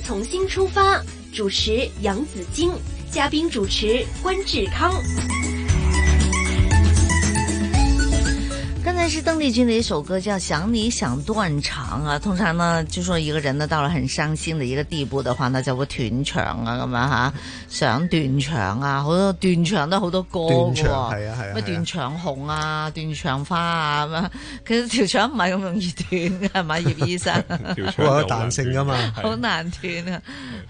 從新出發，主持楊子菁，嘉賓主持關志康。其實鄧麗君的一首歌叫想你想斷腸啊，通常呢就是、說一個人呢到了很傷心的一個地步的話，那就叫做斷腸啊咁啊吓，想斷腸啊，好多斷腸都好多歌嘅喎，係啊係啊，咩斷腸紅啊、斷腸花啊咁啊，其實條腸唔係咁容易斷嘅係咪葉醫生？好 有彈性噶嘛，好、 嗯嗯嗯嗯、難斷啊，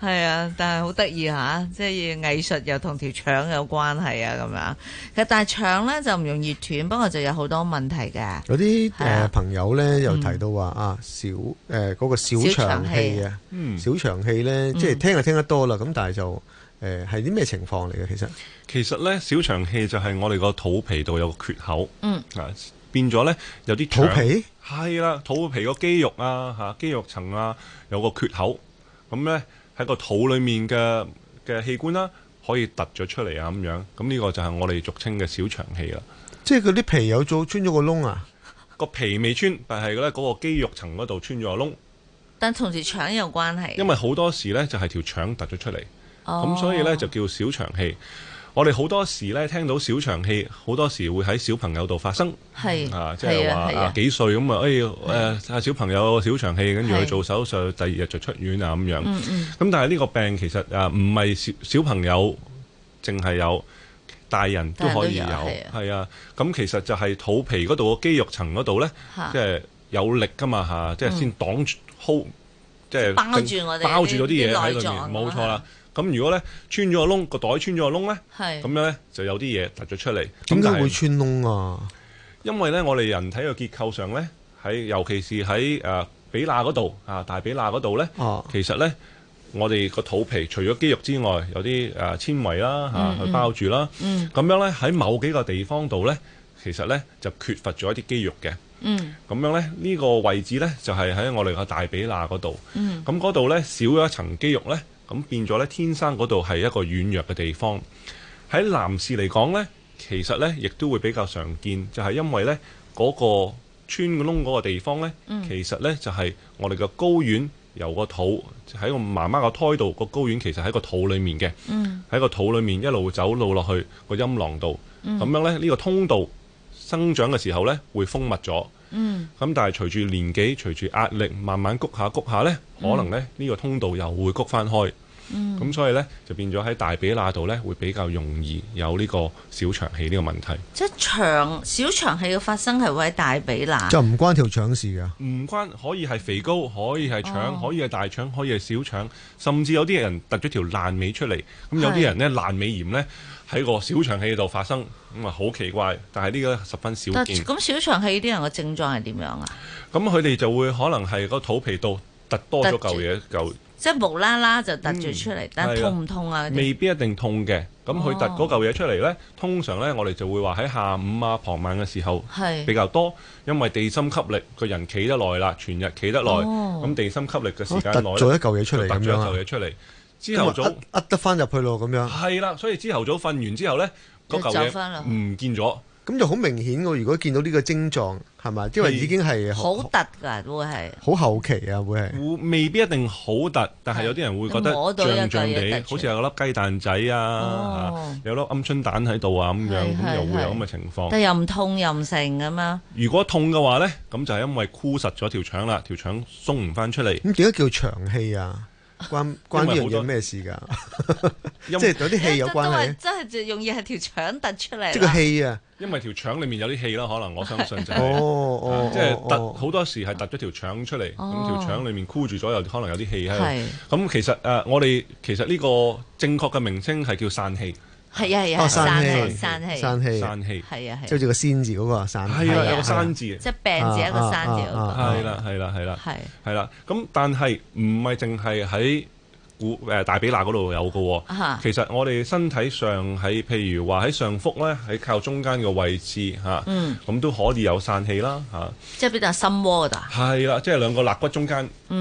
係啊，但係好得意吓，即係藝術又同條腸有關係啊咁樣，其實但係腸呢就唔容易斷，不過就有好多問題嘅。有啲誒、呃、朋友咧，又提到話啊，小誒嗰、呃那個小腸氣啊，小腸氣咧，嗯、呢即係聽就聽得多啦，咁但係就誒係啲咩情況嚟嘅？其實其實咧，小腸氣就係我哋個肚皮度有個缺口，嗯、啊變咗咧有啲肚皮係啦，肚皮個肌肉啊吓，肌肉層啊有個缺口，咁咧喺個肚裡面嘅嘅器官啦、啊，可以凸咗出嚟啊咁樣，咁呢個就係我哋俗稱嘅小腸氣啦。即係佢啲皮有做穿咗個窿啊，個皮未穿，但係咧嗰個肌肉層嗰度穿咗個窿。但同時腸有關係，因為好多時咧就係條腸突咗出嚟，咁、哦、所以咧就叫小腸氣。我哋好多時咧聽到小腸氣，好多時會喺小朋友度發生，是啊，即係話幾歲咁啊，誒、哎、誒、呃，小朋友小腸氣，跟住去做手術，第二日就出院啊咁樣。咁的、嗯嗯、但係呢個病其實啊，唔係小小朋友，淨係有。大人都可以有，係啊，咁其實就係肚皮嗰度嘅肌肉層嗰度咧，即係有力噶嘛吓，即係先擋住 hold，即係包住我哋包住咗啲嘢喺裏面，冇錯啦。咁如果咧穿咗個窿，個袋穿咗個窿咧，咁樣咧就有啲嘢突咗出嚟。點解會穿窿啊？因為咧，我哋人體嘅結構上咧，喺尤其是喺誒比那嗰度啊，大比那嗰度咧，啊、其實咧。我哋個肚皮除咗肌肉之外，有啲誒纖維啦嚇，去、啊、包住啦。咁、嗯嗯、樣呢，喺某幾個地方度呢，其實呢就缺乏咗一啲肌肉嘅。咁、嗯、樣呢，呢、這個位置呢，就係、是、喺我哋個大髀罅嗰度。咁嗰度呢，少咗一層肌肉呢，咁變咗呢，天生嗰度係一個軟弱嘅地方。喺男士嚟講呢，其實呢亦都會比較常見，就係、是、因為呢，嗰、那個穿個窿嗰個地方呢，嗯、其實呢就係、是、我哋嘅睾丸。由個肚喺個媽媽個胎度，個睾丸其實喺個肚裡面嘅，喺、嗯、個肚裡面一路走路落去、個陰囊度，咁、嗯、樣咧呢、呢個通道生長嘅時候咧會封密咗，咁、嗯、但係隨住年紀，隨住壓力慢慢谷下谷下咧，可能咧呢、呢個通道又會谷翻開。咁、嗯、所以呢，就變咗喺大髀罅度呢，會比較容易有呢個小腸氣呢個問題。即係腸小腸氣嘅發生係會喺大髀罅，就唔關條腸事噶，唔關可以係肥膏，可以係腸、哦，可以係大腸，可以係小腸，甚至有啲人突咗條爛尾出嚟。咁有啲人呢，爛是尾炎呢，喺個小腸氣度發生，咁啊好奇怪。但係呢個十分少見。咁小腸氣啲人嘅症狀係點樣啊？咁佢哋就會可能係個肚皮度突多咗嚿嘢即係無啦啦就突咗出嚟，但係痛唔痛啊？未必一定痛嘅。咁佢突嗰嚿嘢出嚟咧，通常咧我哋就會話喺下午啊、傍晚嘅時候比較多，因為地心吸力，個人企得耐啦，全日企得耐，咁地心吸力嘅時間耐咧，就突咗嚿嘢出嚟。朝頭早呃得翻入去咯，咁樣。係啦，所以朝頭早瞓完之後咧，嗰嚿嘢唔見咗。咁就好明顯喎！如果見到呢個症狀係咪？是因為已經係好突㗎，會係好後期啊，會係未必一定好突，但係有啲人會覺得脹脹哋，好似有粒雞蛋仔啊，哦、啊有粒鵪鶉蛋喺度啊咁樣，咁又會有咁嘅情況。但係又唔痛又唔成咁樣。如果痛嘅話咧，咁就係因為箍實咗條腸啦，條腸鬆唔翻出嚟。咁點解叫腸氣啊？關關唔住咩事㗎？ 即係有啲氣有關係，真係就容易係條腸突出嚟。即係個氣啊，因為條腸裏面有啲氣啦，可能我相信就係，即係突好、哦、多時係突咗條腸出嚟，咁條腸裏面箍住咗又可能有啲氣喺度。咁是、嗯、其實誒、呃，我哋其實呢個正確嘅名稱係叫疝氣。係啊，係啊，疝氣疝氣疝氣疝氣，係啊係。即住個仙字嗰個疝，係啊有個山字，即係病字一個山字嗰個。係啦係啦係啦，係啦。咁但係唔係淨係喺古誒大髀罅嗰度有嘅，其實我哋身體上喺譬如話喺上腹咧，喺靠中間嘅位置吓，咁都可以有疝氣啦吓。即係邊度心窩嗰度。係啦，即係兩個肋骨中間即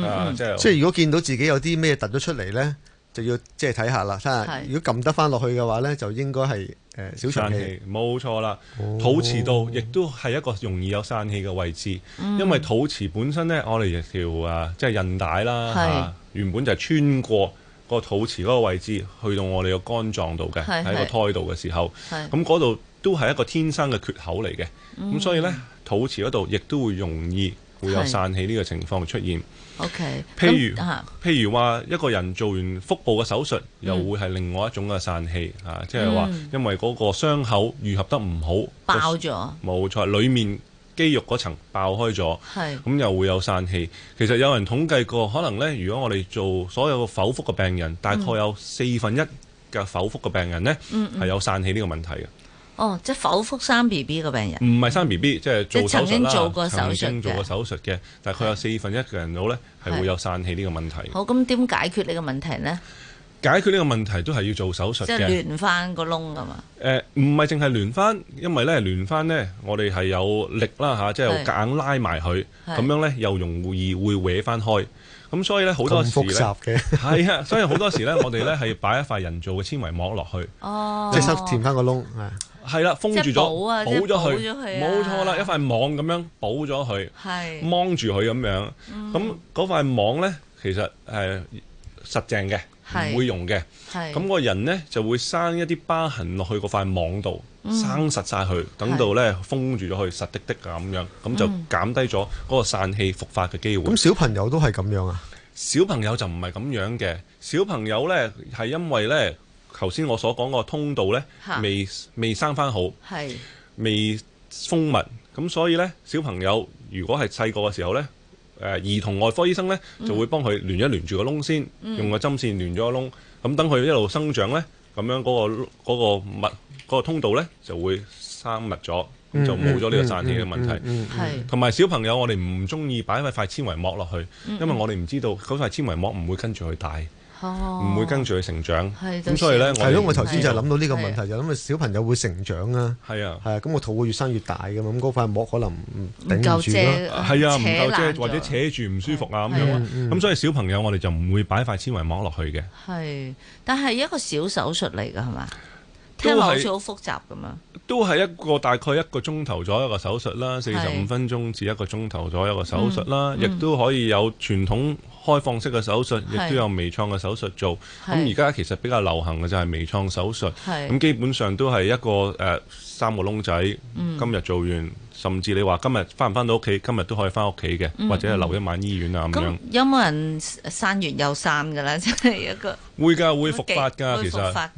係。即係如果見到自己有啲咩突咗出嚟咧？就要即係睇下啦，睇下如果撳得翻落去嘅話呢，就應該係誒、呃、小腸氣，冇錯啦。肚臍度亦都係一個容易有疝氣嘅位置，因為肚臍本身呢，我哋條啊即係韌帶啦，嚇是、啊、原本就係穿過個肚臍嗰個位置去到我哋個肝臟度嘅，喺是個胎度嘅時候，咁嗰度都係一個天生嘅缺口嚟嘅，咁所以呢，肚臍嗰度亦都會容易會有散氣呢個情況出現。OK，譬如、嗯、譬如話一個人做完腹部嘅手術，又會係另外一種嘅散氣，嗯、啊，即係話因為嗰個傷口愈合得唔好，爆咗，冇錯，裏面肌肉嗰層爆開咗，係、嗯，咁又會有散氣。其實有人統計過，可能呢，如果我哋做所有嘅剖腹嘅病人，大概有四分一嘅剖腹嘅病人呢，係、嗯嗯、有散氣呢個問題嘅。哦，即係剖腹生 B B 嘅病人，唔係生 B B，即係做手術啦。曾經做過手術嘅，但係佢有四分一嘅人腦咧，係會有散氣呢個問題。好，咁點解決呢個問題呢？解決呢個問題都係要做手術嘅。即係聯翻個窿啊嘛。誒、呃，唔係淨係聯翻，因為咧聯翻呢，我哋係有力啦嚇、啊，即係夾硬拉埋佢，咁的樣咧又容易會歪翻開。咁的所以咧好多時咧係啊，所以好多時咧我哋咧係擺一塊人造嘅纖維膜落去，哦、即係塞填翻個窿。係啦，封住咗，補咗佢，冇錯啦，一塊網咁樣補咗佢，掹住佢咁樣，咁嗰塊網咧，其實係實淨嘅，唔會溶嘅。咁個人咧就會生一啲疤痕落去嗰塊網度，生實晒佢，等到咧封住咗佢，實滴滴咁樣，咁就減低咗嗰個散氣復發嘅機會。咁小朋友都係咁樣啊？小朋友就唔係咁樣嘅，小朋友咧係因為咧。頭先我所講個通道咧，未未生返好，未封密，咁所以咧，小朋友如果係細個嘅時候咧，誒兒童外科醫生咧就會幫佢連一連住個窿先，用個針線連咗個窿，咁等佢一路生長咧，咁樣嗰個嗰個物嗰個通道咧就會生密咗，就冇咗呢個疝氣嘅問題。係，同埋小朋友，我哋唔中意擺一塊纖維膜落去，因為我哋唔知道嗰塊纖維膜唔會跟住佢帶，唔會跟住佢成長，咁所以呢，係咯，我頭先就係諗到呢個問題，就諗啊小朋友會成長啊，係啊，係啊，咁個肚會越生越大㗎嘛，咁嗰塊膜可能唔唔夠遮，係啊，唔夠遮或者扯住唔舒服啊咁樣，咁所以小朋友我哋就唔會擺塊纖維膜落去嘅。係，但係一個小手術嚟㗎係嘛？聽落好似好複雜咁啊！都係一個大概一個鐘頭左右嘅手術啦，四十五分鐘至一個鐘頭左右嘅手術啦，亦都可以有傳統。開放式嘅手術亦都有微創嘅手術做，咁而家其實比較流行嘅就係微創手術，咁基本上都係一個誒三個窿仔，今日做完，甚至你話今日返唔返到屋企，今日都可以返屋企嘅，或者留一晚醫院啊咁樣。有冇人生完又生㗎啦？即係一個會㗎，會復發㗎，其實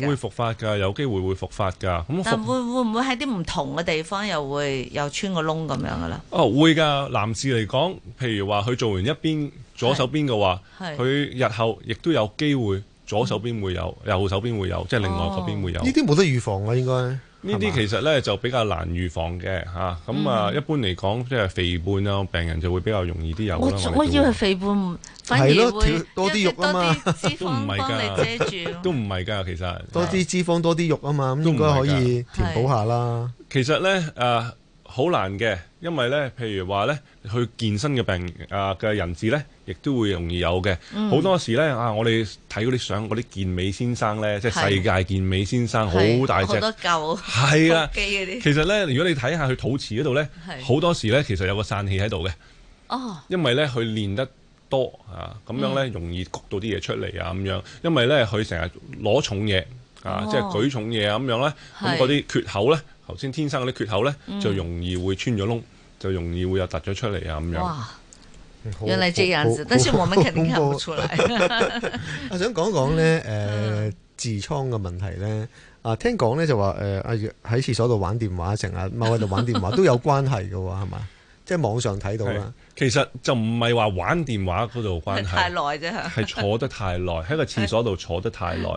會復發㗎，有機會會復發㗎。但會會唔會喺啲唔同嘅地方又會又穿個窿咁樣㗎啦？哦，會㗎，男士嚟講，譬如話佢做完一邊。左手邊嘅話，佢日後亦都有機會左手邊會有，右手邊會有，即係另外嗰邊會有。呢啲冇得預防啊，應該呢啲其實呢就比較難預防嘅嚇。咁啊，一般嚟講，即係肥胖啊病人就會比較容易啲有。我我以為肥胖反而會多啲肉啊嘛，脂肪幫你遮住，都唔係㗎，其實多啲脂肪多啲肉啊嘛，咁應該可以填補下啦。其實呢，誒好難嘅，因為呢，譬如話呢，去健身嘅病啊嘅人士呢，亦都會容易有嘅，好多時咧啊！我哋睇嗰啲相，嗰啲健美先生咧，即係世界健美先生，好大隻，好多舊，係啊！其實咧，如果你睇下佢肚臍嗰度咧，好多時咧，其實有個散氣喺度嘅。哦，因為咧佢練得多啊，咁樣咧容易谷到啲嘢出嚟啊，咁樣。因為咧佢成日攞重嘢啊，即係舉重嘢啊，咁樣咧，咁嗰啲缺口咧，頭先天生嗰啲缺口咧，就容易會穿咗窿，就容易會有凸咗出嚟啊，咁樣。原來這樣子，但是我們肯定看不出來。我想講講呢，誒痔瘡嘅問題呢。啊聽講咧就話，誒阿月喺廁所度玩電話成日踎喺度玩電話都有關係嘅喎，係嘛？即係網上睇到啦。其實就唔係話玩電話嗰度關係，太耐啫吓。係坐得太耐，喺個廁所度坐得太耐，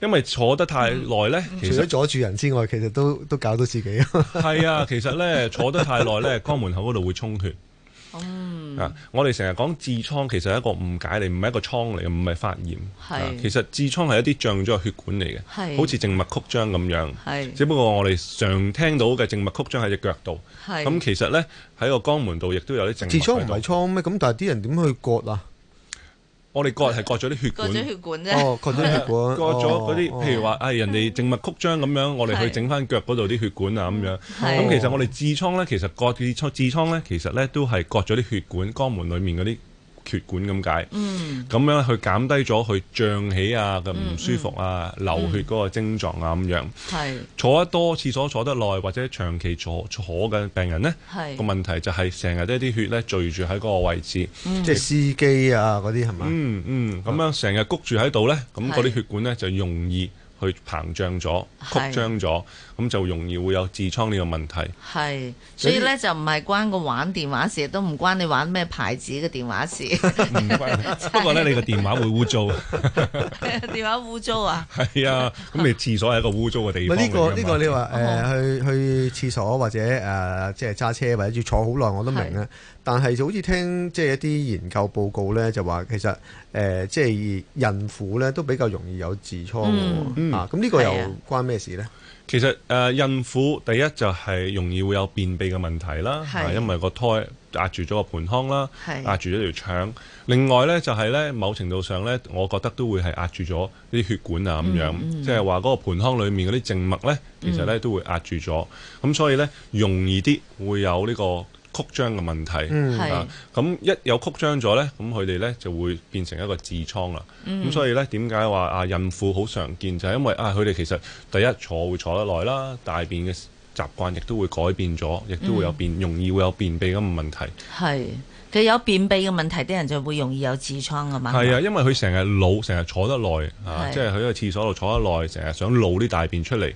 因為坐得太耐呢，除咗阻住人之外，其實都都搞到自己。係啊，其實呢，坐得太耐呢，肛門口嗰度會充血。啊！我哋成日講痔瘡，其實係一個誤解嚟，唔係一個瘡嚟，唔係發炎。係是、啊，其實痔瘡係一啲脹咗嘅血管嚟嘅，是好似靜脈曲張咁樣。係是，只不過我哋常聽到嘅靜脈曲張喺隻腳度。係是，咁、嗯、其實呢喺個肛門度亦都有啲靜脈曲張。痔瘡唔係瘡咩？咁但係啲人點去割啊？我哋割係割咗啲血管，割咗血管啫。哦，割咗血管， 割咗嗰啲，譬如話，唉， 人哋靜脈曲張咁樣，我哋去整翻腳嗰度啲血管啊咁樣。咁是其實我哋痔瘡咧，其實割痔瘡，痔瘡咧，其實咧都係割咗啲血管，肛門裡面嗰啲。血管咁解，咁樣去減低咗佢脹起啊佢唔舒服啊、嗯嗯、流血嗰個症狀啊咁樣。係、嗯、坐得多、廁所坐得耐或者長期坐坐嘅病人呢，個是問題就係成日都啲血呢聚住喺嗰個位置，即係司機啊嗰啲係咪？嗯嗯，咁樣成日谷住喺度呢，咁嗰啲血管呢就容易去膨脹咗、曲張咗。是咁就容易會有痔瘡呢個問題。係，所以咧你的 就唔係關個玩電話事，都唔關你玩咩牌子嘅電話事。唔 關、 就是，不過咧你個電話會污糟。 電話污糟啊？係啊，咁你廁所係一個污糟嘅地方。呢、啊這個呢、這個你話誒、呃、去去廁所或者誒、呃、即係揸車或者要坐好耐我都明啊。是但係就好似聽即係一啲研究報告咧，就話其實誒、呃、即係孕婦咧都比較容易有痔瘡喎。嗯嗯、啊，咁、這、呢個又關咩事咧？其實誒、呃、孕婦第一就係容易會有便秘嘅問題啦是、啊，因為個胎壓住咗個盆腔啦，是壓住咗條腸。另外呢，就係、是、咧某程度上呢，我覺得都會係壓住咗啲血管啊咁樣，即係話嗰個盆腔裡面嗰啲靜脈呢，其實呢都會壓住咗，咁、嗯嗯、所以呢，容易啲會有呢、這個。曲張嘅問題，嗯、啊，咁、嗯、一有曲張咗呢，咁佢哋呢就會變成一個痔瘡啦。咁、嗯、所以呢，點解話啊，孕婦好常見就係、是、因為啊，佢哋其實第一坐會坐得耐啦，大便嘅習慣亦都會改變咗，亦都會有便、嗯、容易會有便秘咁嘅問題。係。有便秘嘅問題，啲人就會容易有痔瘡㗎嘛。係啊，因為佢成日努，成日坐得耐的啊，即係喺個廁所度坐得耐，成日想努啲大便出嚟。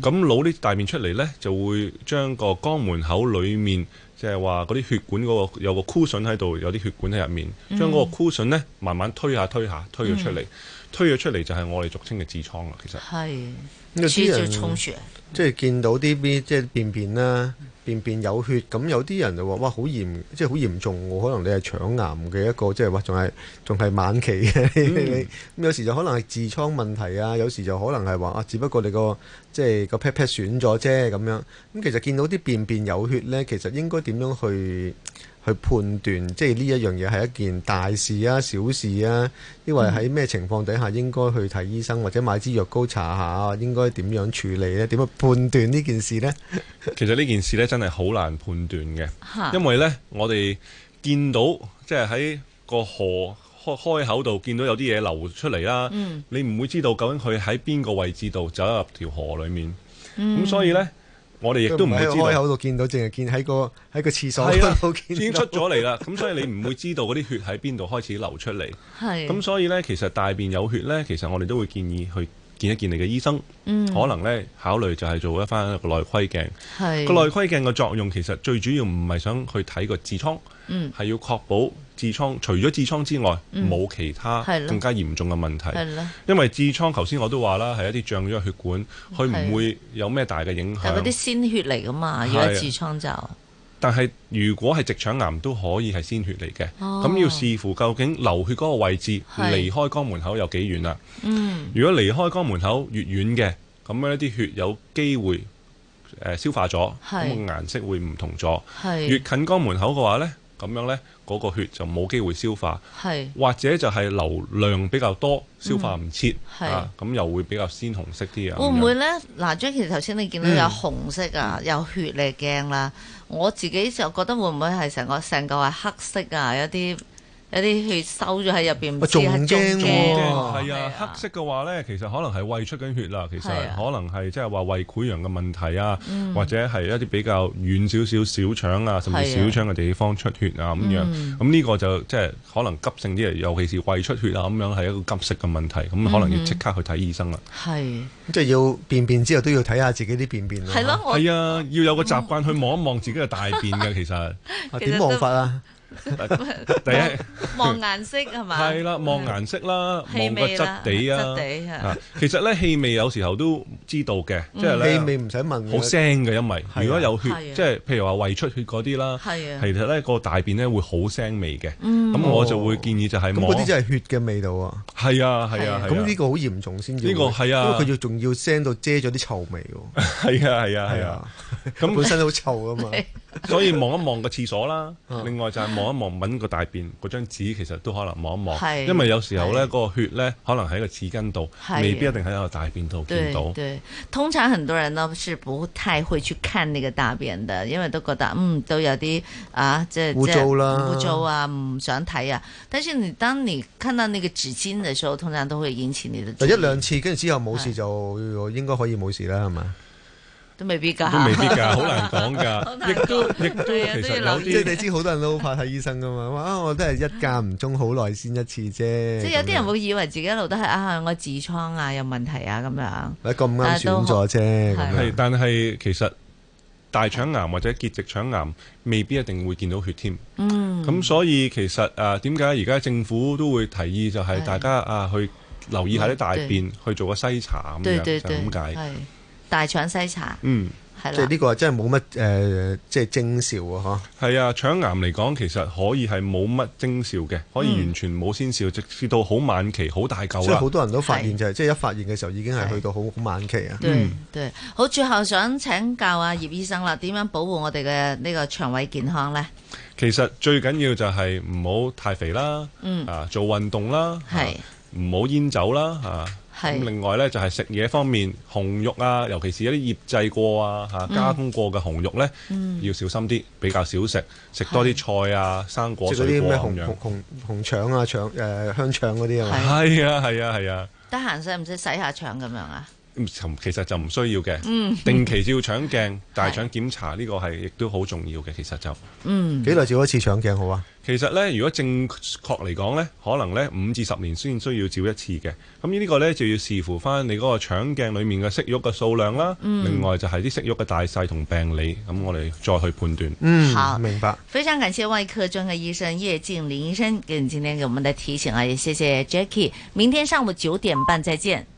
咁努啲大便出嚟呢，就會將個肛門口裏面即係話嗰啲血管嗰個有個 cushion 喺度，有啲血管喺入面，嗯、將嗰個 cushion 呢慢慢推下推下推下，推咗出嚟，嗯、推咗出嚟就係我哋俗稱嘅痔瘡啦。其實係，啲人衝住，即係見到啲即係便便啦。便便有血，咁有啲人就話：哇，好嚴，即係好嚴重喎。可能你係腸癌嘅一個，即係話仲係仲係晚期嘅。咁、 嗯、有時就可能係痔瘡問題啊，有時就可能係話啊，只不過你個即係個屁屁損咗啫咁樣。咁其實見到啲便便有血呢，其實應該點樣去？去判斷，即係呢一樣嘢係一件大事啊、小事啊，因為喺咩情況底下應該去睇醫生，或者買支藥膏查下，應該點樣處理咧？點樣判斷呢件事咧？ 其實呢件事咧真係好難判斷嘅，因為咧我哋見到即係喺個河開開口度見到有啲嘢流出嚟啦。嗯、你唔會知道究竟佢喺邊個位置度走入條河裏面，咁、嗯、所以咧。我哋亦都唔會知道喺開口度見到，淨係見喺個喺個廁所度已經出咗嚟啦。咁 所以你唔會知道嗰啲血喺邊度開始流出嚟。係咁，所以咧，其實大便有血咧，其實我哋都會建議去。見一見你嘅醫生，嗯、可能咧考慮就係做一翻個內窺鏡。個係內窺鏡嘅作用其實最主要唔係想去睇個痔瘡，係、嗯、要確保痔瘡除咗痔瘡之外冇、嗯、其他更加嚴重嘅問題。因為痔瘡頭先我都話啦，係一啲脹咗血管，佢唔會有咩大嘅影響。有啲鮮血嚟噶嘛，如果痔瘡就。但係，如果係直腸癌都可以係鮮血嚟嘅，咁、oh. 要視乎究竟流血嗰個位置離開肛門口有幾遠啦、啊。嗯，mm. 如果離開肛門口越遠嘅，咁樣啲血有機會誒消化咗，咁個是顏色會唔同咗。是越近肛門口嘅話呢。咁樣呢，嗰、那個血就冇機會消化，是或者就係流量比較多，嗯、消化唔切，是啊，咁又會比較鮮紅色啲啊。會唔會呢？嗱，張其頭先你見到有紅色啊，有血你驚啦。我自己就覺得會唔會係成個成個係黑色啊？有啲。有啲血收咗喺入邊，唔知係啊！黑色嘅話咧，其實可能係胃出緊血啦。其實可能係即係話胃潰瘍嘅問題啊，或者係一啲比較遠少少小腸啊，甚至小腸嘅地方出血啊咁樣。咁呢個就即係可能急性啲，尤其是胃出血啊咁樣，係一個急性嘅問題。咁可能要即刻去睇醫生啦。係，即係要便便之後都要睇下自己啲便便啦。係咯，係啊，要有個習慣去望一望自己嘅大便嘅。其實點望法啊？第一望顏色係咪？係啦，望顏色啦，望個質地啊。其實咧氣味有時候都知道嘅，即係咧氣味唔使問，好腥嘅，因為如果有血，即係譬如話胃出血嗰啲啦，係啊，其實咧個大便咧會好腥味嘅，咁我就會建議就係望。嗰啲真係血嘅味道啊！係啊係啊，咁呢個好嚴重先呢個係啊，因為佢要仲要腥到遮咗啲臭味嘅，係啊係啊係啊，咁本身好臭啊嘛。 所以望一望個廁所啦，看看 另外就係望一望揾個大便嗰張紙， 張紙其實都可能望一望，是的 因為有時候咧個是的 血咧可能喺個紙巾度，是的 未必一定喺個大便度見到。對，對，通常很多人咧是不太會去看那個大便的，因為都覺得嗯都有啲啊即係污糟啦，污糟啊，唔髒、啊啊、想睇啊。但是你當你看到那個紙巾的時候，通常都會引起你的注意。就一兩次，跟住之後冇事就應該可以冇事啦，係嘛？都未必㗎，都未必㗎，好難講㗎。亦都亦都，其實有啲即係你知，好多人都好怕睇醫生噶嘛。啊，我都係一間唔中，好耐先一次啫。即係有啲人會以為自己一路都係啊，我痔瘡啊，有問題啊咁樣。你咁啱選咗啫。係，但係其實大腸癌或者結直腸癌未必一定會見到血添。嗯。咁所以其實誒點解而家政府都會提議就係大家啊去留意下啲大便去做個篩查咁樣，就係咁解。大腸篩查，嗯、vale，係即係呢個真係冇乜誒，即係徵兆啊！嗬，係啊、uh, like, so，腸癌嚟講，其實可以係冇乜徵兆嘅，可以完全冇先兆，直至到好晚期好大嚿啦。所以好多人都發現就係，即係一發現嘅時候已經係去到好好晚期啊。嗯，對，好，最後想請教阿葉醫生啦，點樣保護我哋嘅呢個腸胃健康咧？其實最緊要就係唔好太肥啦，啊做運動啦，係唔好煙酒啦，吓。另外呢，就係食嘢方面，紅肉啊，尤其是一啲醃製過啊、嚇加工過嘅紅肉呢，嗯、要小心啲，比較少食，食多啲菜啊、生果是水果咁樣。即係啲咩紅紅紅腸啊、腸誒、呃、香腸嗰啲啊。係啊，係啊，係啊。得閒使唔使洗下腸咁樣啊？其實就唔需要嘅，嗯、定期照腸鏡、是的 大腸檢查呢個係亦都好重要嘅。其實就嗯幾耐照一次腸鏡好啊？其實呢，如果正確嚟講呢，可能呢，五至十年先需要照一次嘅。咁呢個呢，就要視乎翻你嗰個腸鏡裡面嘅息肉嘅數量啦。嗯、另外就係啲息肉嘅大細同病理，咁我哋再去判斷。嗯，好明白。非常感謝外科專科醫生葉勁麟醫生，跟住今天給我們的提醒啊！也謝謝 Jacky。明天上午九點半時再見。